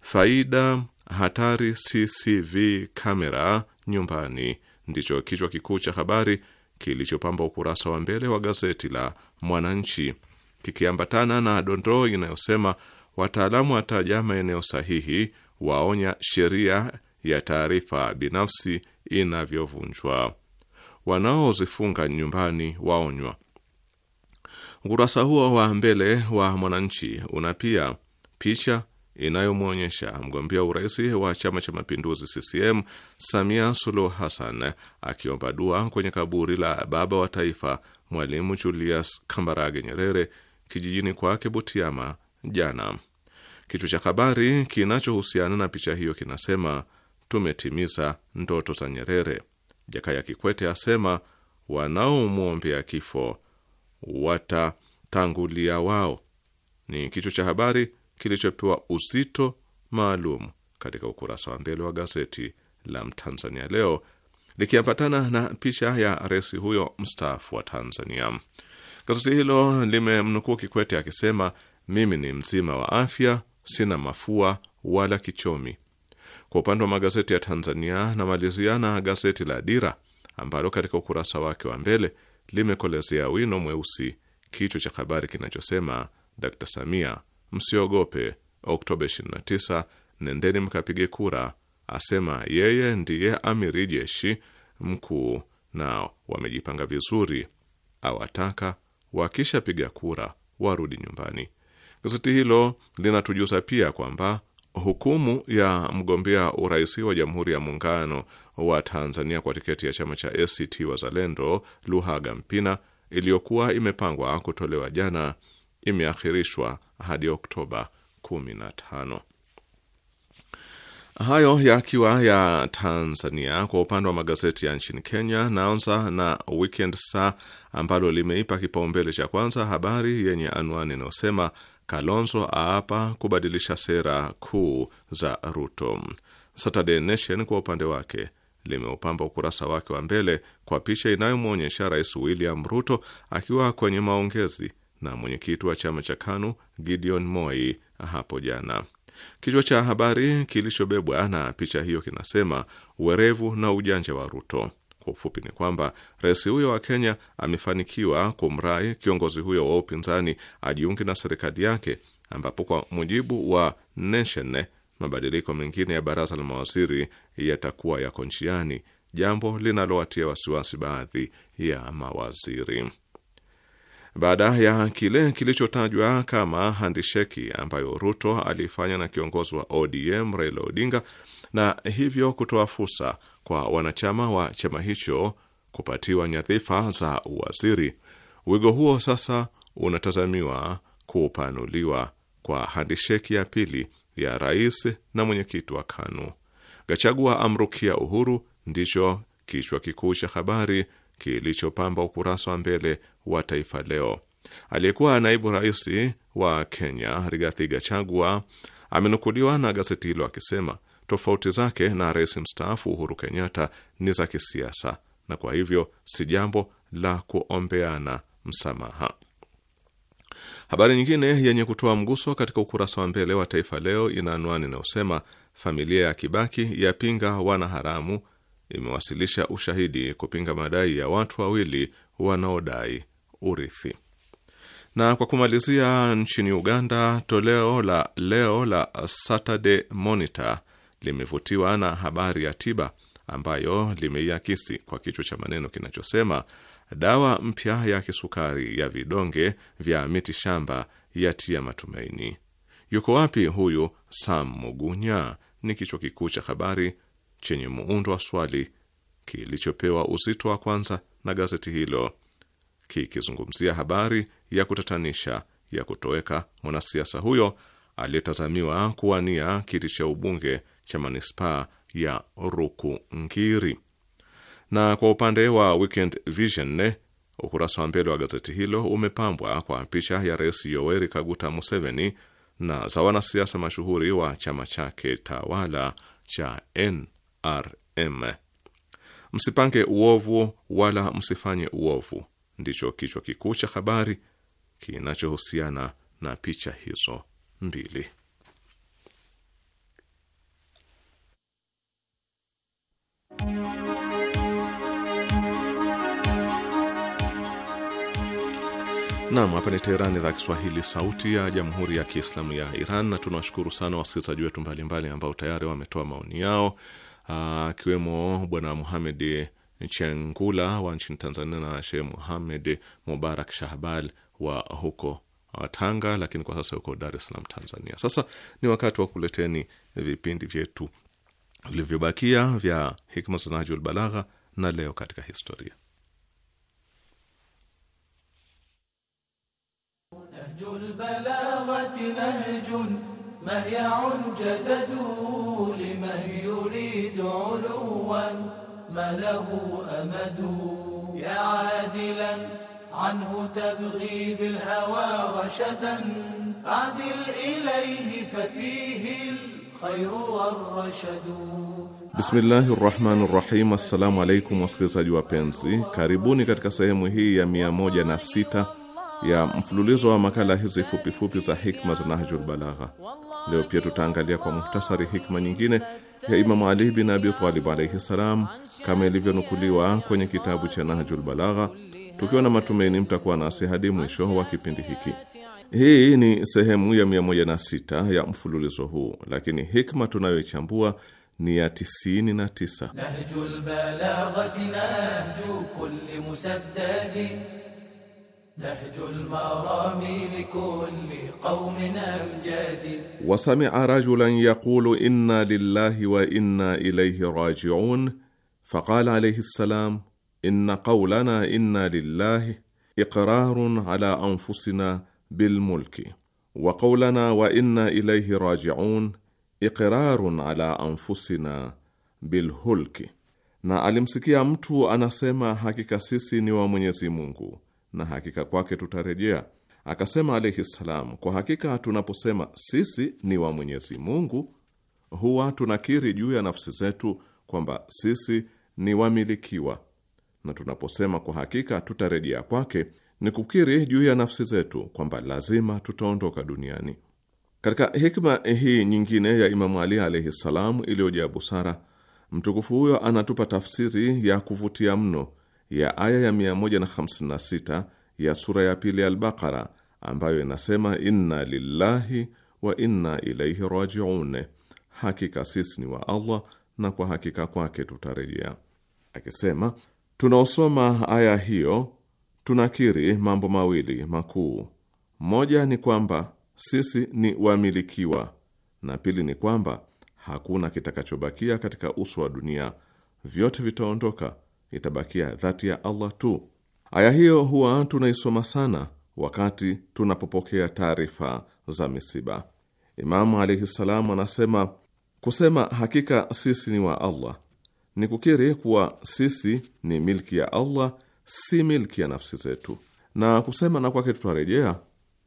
Speaker 2: Faida hatari CCV kamera nyumbani ndicho kichwa kikuu cha habari kilichopamba ukurasa wa mbele wa gazeti la Mwananchi kikiambatana na dondoo inayosema wataalamu wataja maeneo sahihi, waonya sheria ya taarifa binafsi inavyovunjwa, wanaozifunga nyumbani waonywa. Ukurasa huo wa mbele wa Mwananchi una pia picha inayomwonyesha mgombea urais wa Chama cha Mapinduzi CCM Samia Suluhu Hassan akiomba dua kwenye kaburi la baba wa taifa Mwalimu Julius Kambarage Nyerere kijijini kwake Butiama jana. Kichwa cha habari kinachohusiana na picha hiyo kinasema tumetimiza ndoto za Nyerere. Jakaya Kikwete asema wanaomwombea kifo watatangulia wao, ni kichwa cha habari kilichopewa uzito maalum katika ukurasa wa mbele wa gazeti la Mtanzania Leo, likiambatana na picha ya rais huyo mstaafu wa Tanzania. Gazeti hilo limemnukuu Kikwete akisema, mimi ni mzima wa afya, sina mafua wala kichomi. Kwa upande wa magazeti ya Tanzania, na gazeti la Dira ambalo katika ukurasa wake wa mbele limekolezea wino mweusi kichwa cha habari kinachosema Dkt Samia, msiogope Oktoba 29 nendeni mkapige kura, asema yeye ndiye amiri jeshi mkuu, nao wamejipanga vizuri, awataka wakishapiga kura warudi nyumbani. Gazeti hilo linatujuza pia kwamba hukumu ya mgombea urais wa Jamhuri ya Muungano wa Tanzania kwa tiketi ya chama cha ACT Wazalendo Luhaga Mpina iliyokuwa imepangwa kutolewa jana imeahirishwa hadi Oktoba 15. Hayo yakiwa ya Tanzania. Kwa upande wa magazeti ya nchini Kenya, naanza na Weekend Star ambalo limeipa kipaumbele cha kwanza habari yenye anwani inayosema Kalonzo aapa kubadilisha sera kuu za Ruto. Saturday Nation kwa upande wake limeupamba ukurasa wake wa mbele kwa picha inayomwonyesha Rais William Ruto akiwa kwenye maongezi na mwenyekiti wa chama cha KANU Gideon Moi hapo jana. Kichwa cha habari kilichobebwa na picha hiyo kinasema uwerevu na ujanja wa Ruto. Kwa ufupi ni kwamba rais huyo wa Kenya amefanikiwa kumrai kiongozi huyo wa upinzani ajiunge na serikali yake, ambapo kwa mujibu wa Nation mabadiliko mengine ya baraza la mawaziri yatakuwa yako njiani, jambo linalowatia wasiwasi baadhi ya mawaziri. Baada ya kile kilichotajwa kama handisheki ambayo Ruto alifanya na kiongozi wa ODM Raila Odinga na hivyo kutoa fursa kwa wanachama wa chama hicho kupatiwa nyadhifa za uwaziri. Wigo huo sasa unatazamiwa kupanuliwa kwa handisheki ya pili ya rais na mwenyekiti wa KANU. Gachagua amrukia Uhuru ndicho kichwa kikuu cha habari kilichopamba ukurasa wa mbele wa Taifa Leo. Aliyekuwa naibu rais wa Kenya Rigathi Gachagua amenukuliwa na gazeti hilo akisema tofauti zake na rais mstaafu Uhuru Kenyatta ni za kisiasa na kwa hivyo si jambo la kuombeana msamaha. Habari nyingine yenye kutoa mguso katika ukurasa wa mbele wa Taifa Leo ina anwani inayosema familia ya Kibaki yapinga wanaharamu, imewasilisha ushahidi kupinga madai ya watu wawili wanaodai urithi. Na kwa kumalizia, nchini Uganda, toleo la leo la Saturday Monitor limevutiwa na habari ya tiba ambayo limeiakisi kwa kichwa cha maneno kinachosema dawa mpya ya kisukari ya vidonge vya miti shamba yatia matumaini. Yuko wapi huyu Sam Mugunya? Ni kichwa kikuu cha habari chenye muundo wa swali kilichopewa uzito wa kwanza na gazeti hilo, kikizungumzia habari ya kutatanisha ya kutoweka mwanasiasa huyo aliyetazamiwa kuwania kiti cha ubunge cha manispaa ya ruku Ngiri. Na kwa upande wa Weekend Vision, ukurasa wa mbele wa gazeti hilo umepambwa kwa picha ya Rais Yoweri Kaguta Museveni na za wanasiasa mashuhuri wa chama chake tawala cha NRM. Msipange uovu wala msifanye uovu, ndicho kichwa kikuu cha habari kinachohusiana na picha hizo mbili. Nam, hapa ni Teheran, idhaa Kiswahili, sauti ya jamhuri ya kiislamu ya Iran. Na tunawashukuru sana wasikilizaji wetu mbalimbali ambao tayari wametoa maoni yao, ah, akiwemo Bwana Muhamed Chengula wa nchini Tanzania na Shehe Muhamed Mubarak Shahbal wa huko ah, Tanga, lakini kwa sasa huko Dar es Salaam, Tanzania. Sasa ni wakati wa kuleteni vipindi vyetu vilivyobakia vya hikma za Nahjul Balagha na leo katika historia.
Speaker 1: Anhu tabghi bilhawa rashadan adil ilayhi
Speaker 5: fafihi
Speaker 2: Bismillahi rahmani rahim. Assalamu alaikum wasikilizaji wapenzi, karibuni katika sehemu hii ya 16 ya mfululizo wa makala hizi fupifupi za hikma za Nahjul Balagha. Leo pia tutaangalia kwa muhtasari hikma nyingine ya Imamu Ali bin Abi Talib alaihi salam, kama ilivyonukuliwa kwenye kitabu cha Nahjul Balagha, tukiwa na matumaini mtakuwa nasi hadi mwisho wa kipindi hiki. Hii ni sehemu ya 106 ya mfululizo huu, lakini hikma tunayoichambua ni ya 99.
Speaker 4: Nahjul balaghati nahju
Speaker 5: kulli musaddadi
Speaker 4: nahjul
Speaker 1: marami likulli qaumin amjadi
Speaker 2: wasamia rajulan yaqulu inna lillahi wa inna ilayhi rajiun faqala alayhi salam inna qawlana inna lillahi iqrarun ala anfusina bilmulki wa qaulana wa inna ilaihi rajiun iqrarun ala anfusina bilhulki. Na alimsikia mtu anasema, hakika sisi ni wa Mwenyezi Mungu na hakika kwake tutarejea. Akasema alaihi salam kwa hakika tunaposema sisi ni wa Mwenyezi Mungu huwa tunakiri juu ya nafsi zetu kwamba sisi ni wamilikiwa, na tunaposema kwa hakika tutarejea kwake ni kukiri juu ya nafsi zetu kwamba lazima tutaondoka duniani. Katika hikma hii nyingine ya Imamu Ali alaihi ssalam iliyojaa busara, mtukufu huyo anatupa tafsiri ya kuvutia mno ya aya ya 156 ya sura ya pili ya Albaqara ambayo inasema inna lillahi wa inna ilaihi rajiun, hakika sisi ni wa Allah na kwa hakika kwake tutarejea. Akisema tunaosoma aya hiyo tunakiri mambo mawili makuu: moja ni kwamba sisi ni wamilikiwa, na pili ni kwamba hakuna kitakachobakia katika uso wa dunia, vyote vitaondoka, itabakia dhati ya Allah tu. Aya hiyo huwa tunaisoma sana wakati tunapopokea taarifa za misiba. Imamu alaihi ssalam anasema kusema hakika sisi ni wa Allah ni kukiri kuwa sisi ni milki ya Allah si milki ya nafsi zetu, na kusema na kwake tutarejea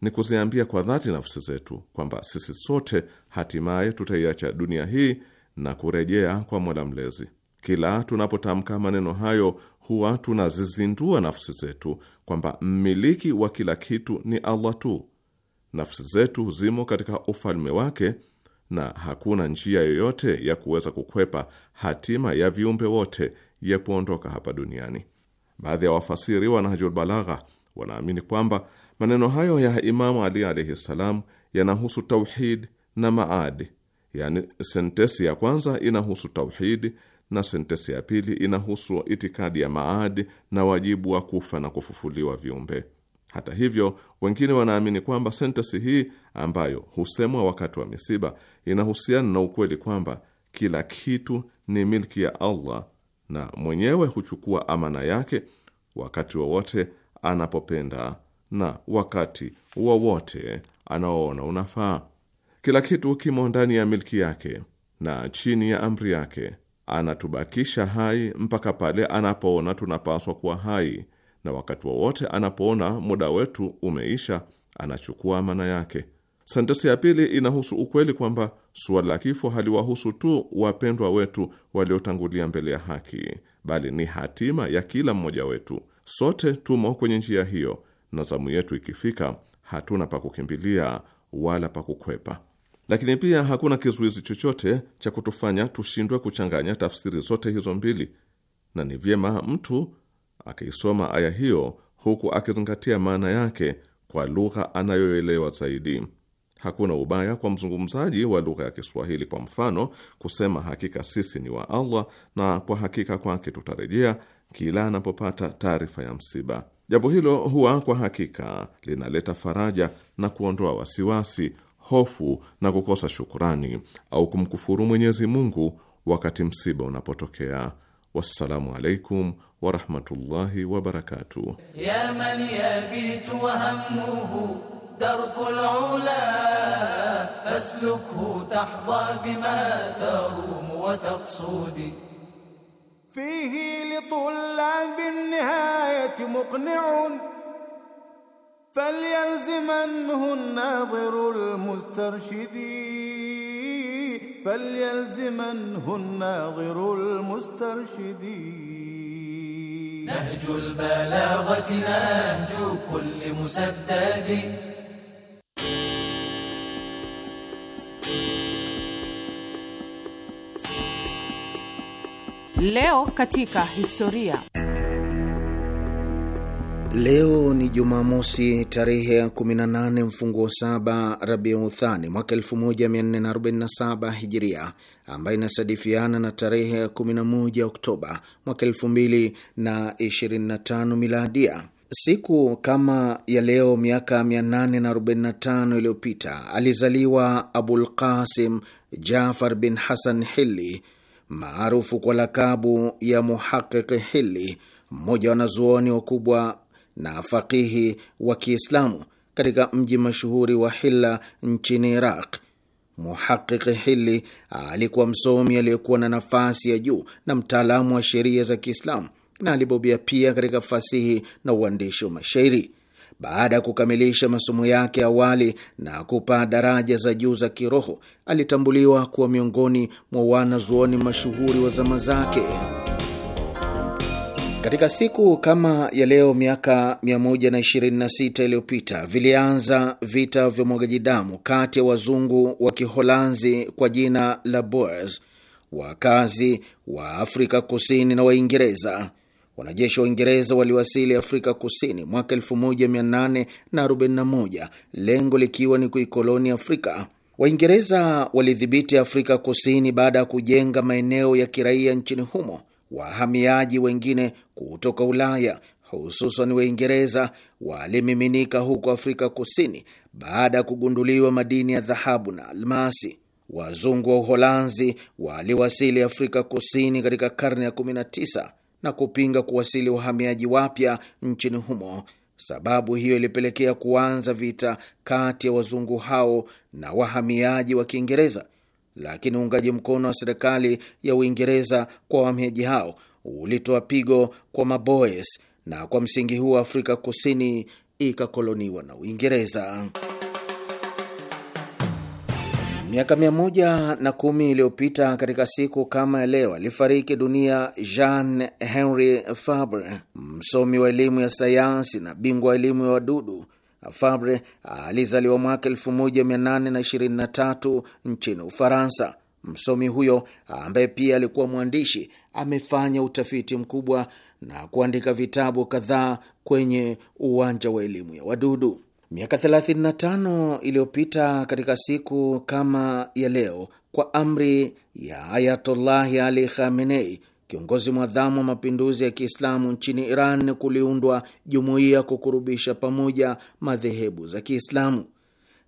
Speaker 2: ni kuziambia kwa dhati nafsi zetu kwamba sisi sote hatimaye tutaiacha dunia hii na kurejea kwa Mola Mlezi. Kila tunapotamka maneno hayo, huwa tunazizindua nafsi zetu kwamba mmiliki wa kila kitu ni Allah tu. Nafsi zetu zimo katika ufalme wake na hakuna njia yoyote ya kuweza kukwepa hatima ya viumbe wote ya kuondoka hapa duniani. Baadhi ya wafasiri wa Nahjul Balagha wanaamini kwamba maneno hayo ya Imamu Ali alaihi ssalam yanahusu tauhid na maadi, yani sentesi ya kwanza inahusu tauhid na sentesi ya pili inahusu itikadi ya maadi na wajibu wa kufa na kufufuliwa viumbe. Hata hivyo, wengine wanaamini kwamba sentesi hii ambayo husemwa wakati wa misiba inahusiana na ukweli kwamba kila kitu ni milki ya Allah na mwenyewe huchukua amana yake wakati wowote wa anapopenda na wakati wowote wa anaoona unafaa. Kila kitu kimo ndani ya milki yake na chini ya amri yake. Anatubakisha hai mpaka pale anapoona tunapaswa kuwa hai, na wakati wowote wa anapoona muda wetu umeisha, anachukua amana yake. Sentensi ya pili inahusu ukweli kwamba suala la kifo haliwahusu tu wapendwa wetu waliotangulia mbele ya haki, bali ni hatima ya kila mmoja wetu. Sote tumo kwenye njia hiyo, na zamu yetu ikifika, hatuna pa kukimbilia wala pa kukwepa. Lakini pia hakuna kizuizi chochote cha kutufanya tushindwe kuchanganya tafsiri zote hizo mbili, na ni vyema mtu akiisoma aya hiyo huku akizingatia maana yake kwa lugha anayoelewa zaidi. Hakuna ubaya kwa mzungumzaji wa lugha ya Kiswahili, kwa mfano, kusema hakika sisi ni wa Allah na kwa hakika kwake tutarejea, kila anapopata taarifa ya msiba. Jambo hilo huwa kwa hakika linaleta faraja na kuondoa wasiwasi, hofu na kukosa shukurani au kumkufuru Mwenyezi Mungu wakati msiba unapotokea. Wassalamu alaikum warahmatullahi wabarakatuh.
Speaker 1: درب العلا فاسلكه تحظى بما تروم وتقصد فيه لطلاب النهاية مقنع فليلزمنه الناظر المسترشد فليلزمنه الناظر المسترشد
Speaker 5: نهج البلاغة
Speaker 1: نهج كل مسدد Leo katika
Speaker 5: historia.
Speaker 3: Leo ni Jumamosi tarehe ya 18 mfunguo saba Rabiu Uthani mwaka 1447 Hijiria, ambayo inasadifiana na tarehe ya 11 Oktoba mwaka 2025 Miladia. Siku kama ya leo miaka 845 iliyopita alizaliwa Abul Qasim Jafar bin Hasan Hilli maarufu kwa lakabu ya Muhaqiqi Hili, mmoja wa wanazuoni wakubwa na faqihi wa Kiislamu katika mji mashuhuri wa Hilla nchini Iraq. Muhaqiqi Hili alikuwa msomi aliyekuwa na nafasi ya juu na mtaalamu wa sheria za Kiislamu, na alibobea pia katika fasihi na uandishi wa mashairi. Baada ya kukamilisha masomo yake awali na kupaa daraja za juu za kiroho, alitambuliwa kuwa miongoni mwa wanazuoni mashuhuri wa zama zake. Katika siku kama ya leo miaka 126 iliyopita vilianza vita vya mwagaji damu kati ya wazungu wa Kiholanzi kwa jina la Boers, wakazi wa Afrika Kusini, na Waingereza. Wanajeshi wa Uingereza waliwasili Afrika Kusini mwaka 1841 lengo likiwa ni kuikoloni Afrika. Waingereza walidhibiti Afrika Kusini baada ya kujenga maeneo ya kiraia nchini humo. Wahamiaji wengine kutoka Ulaya hususan Waingereza walimiminika huko Afrika Kusini baada ya kugunduliwa madini ya dhahabu na almasi. Wazungu wa Uholanzi waliwasili Afrika Kusini katika karne ya 19 na kupinga kuwasili wahamiaji wapya nchini humo. Sababu hiyo ilipelekea kuanza vita kati ya wazungu hao na wahamiaji wa Kiingereza, lakini uungaji mkono wa serikali ya Uingereza kwa wahamiaji hao ulitoa pigo kwa Maboes, na kwa msingi huo Afrika Kusini ikakoloniwa na Uingereza. Miaka mia moja na kumi iliyopita katika siku kama ya leo alifariki dunia Jean Henry Fabre, msomi wa elimu ya sayansi na bingwa wa elimu ya wadudu. Fabre alizaliwa mwaka 1823 nchini Ufaransa. Msomi huyo ambaye pia alikuwa mwandishi amefanya utafiti mkubwa na kuandika vitabu kadhaa kwenye uwanja wa elimu ya wadudu. Miaka 35 iliyopita katika siku kama ya leo, kwa amri ya Ayatollahi Ali Khamenei, kiongozi mwadhamu wa mapinduzi ya Kiislamu nchini Iran, kuliundwa jumuiya kukurubisha pamoja madhehebu za Kiislamu.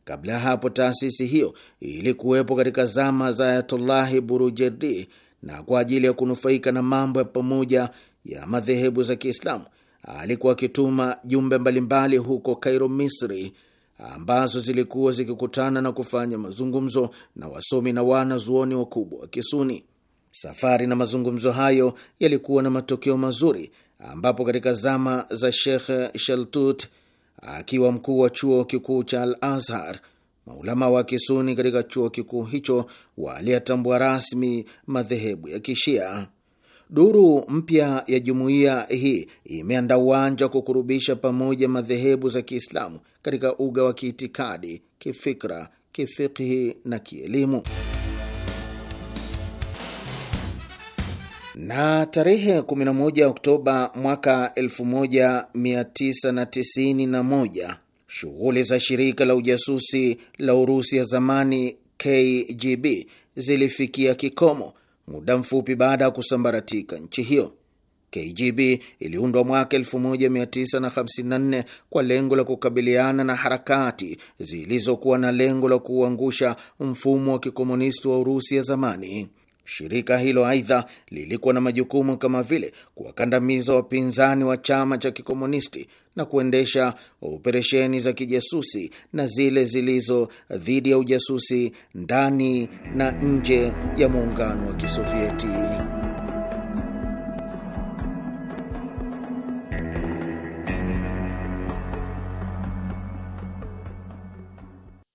Speaker 3: Kabla ya hapo, taasisi hiyo ilikuwepo katika zama za Ayatollahi Burujerdi na kwa ajili ya kunufaika na mambo ya pamoja ya madhehebu za Kiislamu alikuwa akituma jumbe mbalimbali huko Kairo, Misri, ambazo zilikuwa zikikutana na kufanya mazungumzo na wasomi na wanazuoni wakubwa wa Kisuni. Safari na mazungumzo hayo yalikuwa na matokeo mazuri, ambapo katika zama za Shekh Shaltut akiwa mkuu wa chuo kikuu cha Al Azhar, maulama wa Kisuni katika chuo kikuu hicho waliyatambua rasmi madhehebu ya Kishia. Duru mpya ya jumuiya hii imeanda uwanja wa kukurubisha pamoja madhehebu za Kiislamu katika uga wa kiitikadi, kifikra, kifikhi na kielimu. Na tarehe 11 Oktoba mwaka 1991 shughuli za shirika la ujasusi la Urusi ya zamani KGB zilifikia kikomo muda mfupi baada ya kusambaratika nchi hiyo. KGB iliundwa mwaka 1954 kwa lengo la kukabiliana na harakati zilizokuwa na lengo la kuuangusha mfumo wa kikomunisti wa Urusi ya zamani. Shirika hilo aidha lilikuwa na majukumu kama vile kuwakandamiza wapinzani wa chama cha kikomunisti na kuendesha operesheni za kijasusi na zile zilizo dhidi ya ujasusi ndani na nje ya muungano wa Kisovieti.